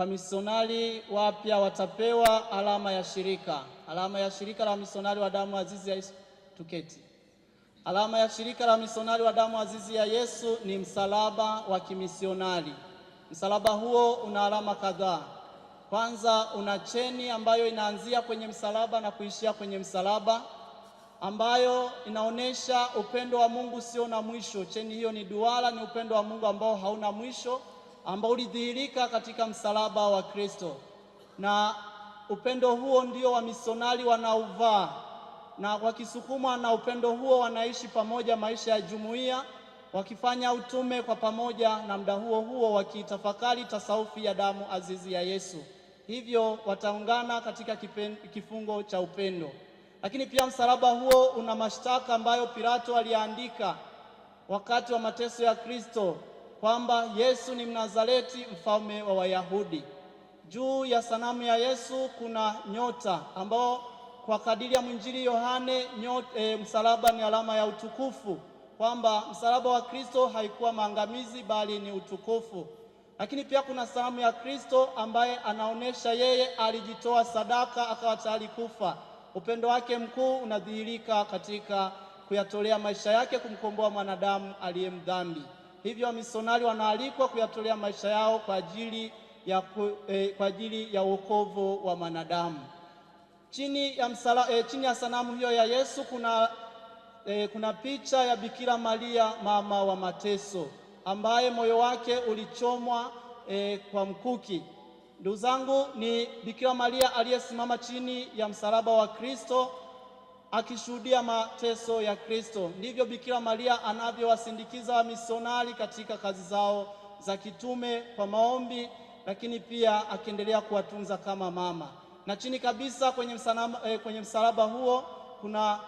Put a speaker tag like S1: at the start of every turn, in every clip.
S1: Wamisionari wapya watapewa alama ya shirika. Alama ya shirika la wamisionari wa damu azizi ya Yesu. Tuketi. Alama ya shirika la wamisionari wa damu azizi ya Yesu ni msalaba wa kimisionari. Msalaba huo una alama kadhaa. Kwanza una cheni ambayo inaanzia kwenye msalaba na kuishia kwenye msalaba, ambayo inaonyesha upendo wa Mungu usio na mwisho. Cheni hiyo ni duara, ni upendo wa Mungu ambao hauna mwisho ambao ulidhihirika katika msalaba wa Kristo, na upendo huo ndio wamisionari wanaovaa na wakisukumwa na upendo huo wanaishi pamoja maisha ya jumuiya, wakifanya utume kwa pamoja, na muda huo huo wakitafakari tasaufi ya damu azizi ya Yesu. Hivyo wataungana katika kipen, kifungo cha upendo. Lakini pia msalaba huo una mashtaka ambayo Pilato aliandika wakati wa mateso ya Kristo kwamba Yesu ni Mnazareti, mfalme wa Wayahudi. Juu ya sanamu ya Yesu kuna nyota ambao kwa kadiri ya mwinjili Yohane e, msalaba ni alama ya utukufu, kwamba msalaba wa Kristo haikuwa maangamizi bali ni utukufu. Lakini pia kuna sanamu ya Kristo ambaye anaonyesha yeye alijitoa sadaka, akawa tayari kufa. Upendo wake mkuu unadhihirika katika kuyatolea maisha yake kumkomboa mwanadamu aliye mdhambi. Hivyo wamisionari wanaalikwa kuyatolea maisha yao kwa ajili ya, eh, kwa ajili ya wokovu wa mwanadamu. Chini ya, msala, eh, chini ya sanamu hiyo ya Yesu kuna, eh, kuna picha ya Bikira Maria mama wa mateso ambaye moyo wake ulichomwa eh, kwa mkuki. Ndugu zangu, ni Bikira Maria aliyesimama chini ya msalaba wa Kristo akishuhudia mateso ya Kristo. Ndivyo Bikira Maria anavyowasindikiza wamisionari katika kazi zao za kitume kwa maombi, lakini pia akiendelea kuwatunza kama mama. Na chini kabisa kwenye msalaba, eh, kwenye msalaba huo kuna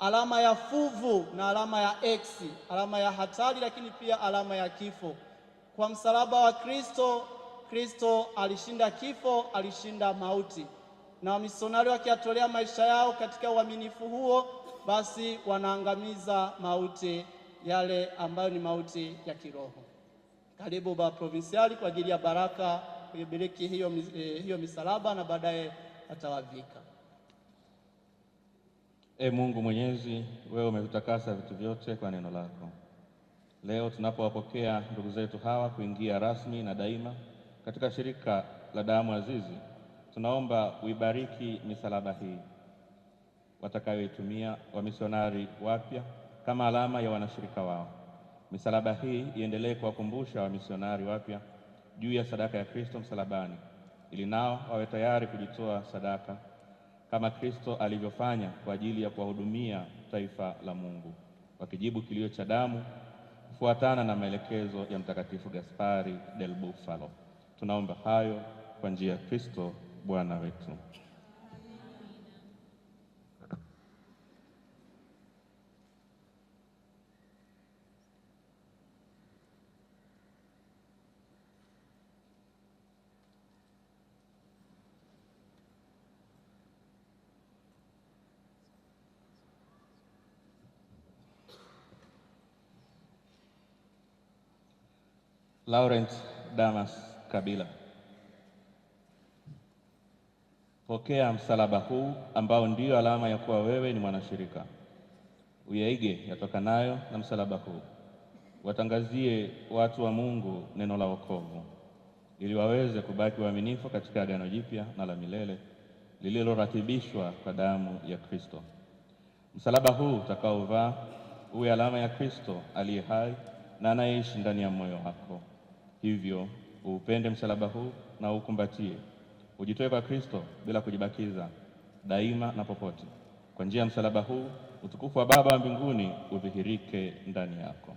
S1: alama ya fuvu na alama ya X, alama ya hatari, lakini pia alama ya kifo. Kwa msalaba wa Kristo, Kristo alishinda kifo, alishinda mauti na wamisionari wakiyatolea maisha yao katika uaminifu huo, basi wanaangamiza mauti yale ambayo ni mauti ya kiroho. Karibu baba provinsiali kwa ajili ya baraka kuibiriki hiyo, eh, hiyo misalaba na baadaye atawavika.
S2: E Mungu Mwenyezi, wewe umevitakasa vitu vyote kwa neno lako. Leo tunapowapokea ndugu zetu hawa kuingia rasmi na daima katika shirika la damu azizi Tunaomba uibariki misalaba hii watakayoitumia wamisionari wapya kama alama ya wanashirika wao. Misalaba hii iendelee kuwakumbusha wamisionari wapya juu ya sadaka ya Kristo msalabani, ili nao wawe tayari kujitoa sadaka kama Kristo alivyofanya kwa ajili ya kuwahudumia taifa la Mungu, wakijibu kilio cha damu kufuatana na maelekezo ya Mtakatifu Gaspari del Bufalo. Tunaomba hayo kwa njia ya Kristo. Buena noches.
S3: Lawrence Damas Kabila. Pokea msalaba huu ambao ndiyo alama ya kuwa wewe ni mwanashirika, uyaige yatokanayo na msalaba huu, watangazie watu wa Mungu neno la wokovu, ili waweze kubaki waaminifu katika agano jipya na la milele lililoratibishwa kwa damu ya Kristo. Msalaba huu utakaovaa uwe alama ya Kristo aliye hai na anayeishi ndani ya moyo wako. Hivyo uupende msalaba huu na uukumbatie Ujitoe kwa Kristo bila kujibakiza, daima na popote. Kwa njia ya msalaba huu utukufu wa Baba wa mbinguni udhihirike ndani yako.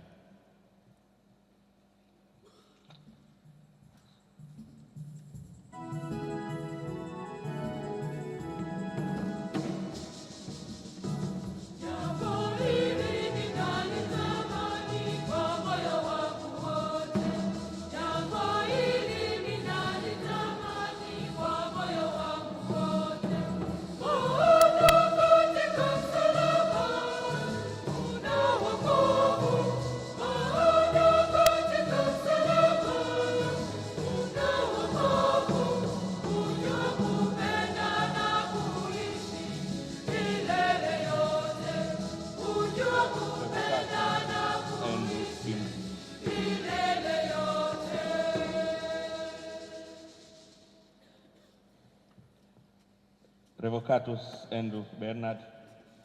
S4: Torquatus Andrew Bernard,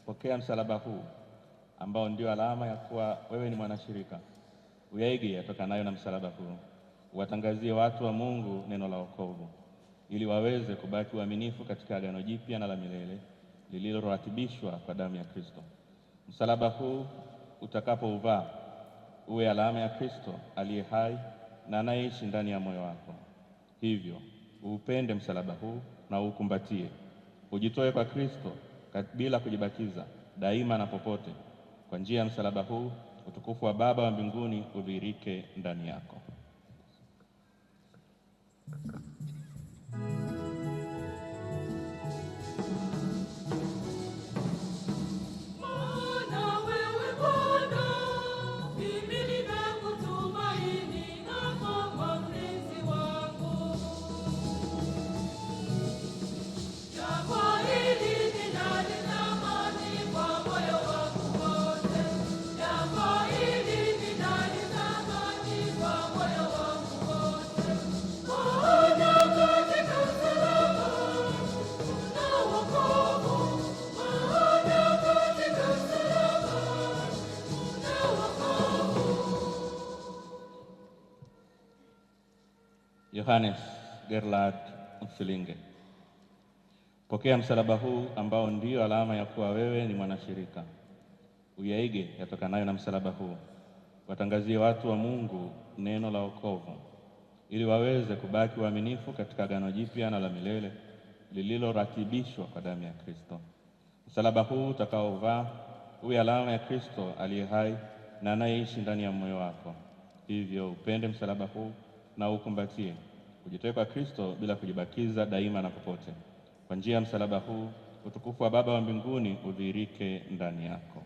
S4: pokea msalaba huu ambao ndio alama ya kuwa wewe ni mwanashirika. Uyaige yatokanayo na msalaba huu, uwatangazie watu wa Mungu neno la wokovu, ili waweze kubaki waaminifu katika agano jipya na la milele lililoratibishwa kwa damu ya Kristo. Msalaba huu utakapouvaa uwe alama ya Kristo aliye hai na anayeishi ndani ya moyo wako. Hivyo uupende msalaba huu na uukumbatie Ujitoe kwa Kristo bila kujibakiza, daima na popote. Kwa njia ya msalaba huu, utukufu wa Baba wa mbinguni udhihirike ndani yako.
S5: Johannes Gerlard Msilinge. Pokea msalaba huu ambao ndio alama ya kuwa wewe ni mwanashirika. Uyaige yatokanayo na msalaba huu, watangazie watu wa Mungu neno la wokovu, ili waweze kubaki waaminifu katika agano jipya na la milele lililoratibishwa kwa damu ya Kristo. Msalaba huu utakaovaa uwe alama ya Kristo aliye hai na anayeishi ndani ya moyo wako. Hivyo upende msalaba huu na ukumbatie kujitoa kwa Kristo bila kujibakiza daima na popote. Kwa njia ya msalaba huu utukufu wa Baba wa mbinguni udhihirike ndani yako.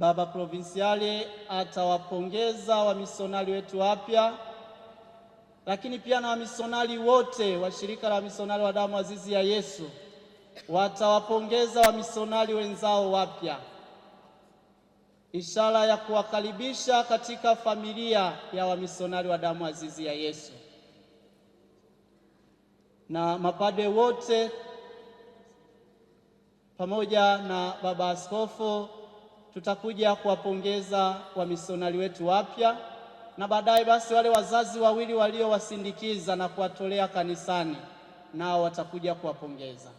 S6: Baba provinsiale atawapongeza wamisionari wetu wapya, lakini pia na wamisionari wote wa shirika la wamisionari wa damu azizi ya Yesu watawapongeza wamisionari wenzao wapya, ishara ya kuwakaribisha katika familia ya wamisionari wa damu azizi ya Yesu. Na mapadre wote pamoja na baba askofu tutakuja kuwapongeza wamisionari wetu wapya na baadaye basi wale wazazi wawili waliowasindikiza na kuwatolea kanisani nao watakuja kuwapongeza.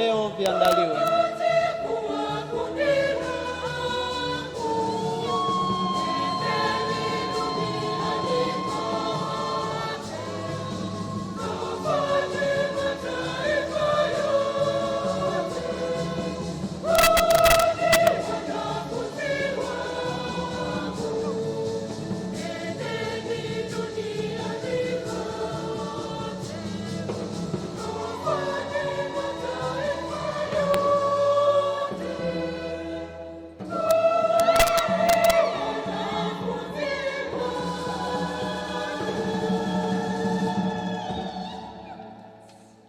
S7: leo viandaliwe.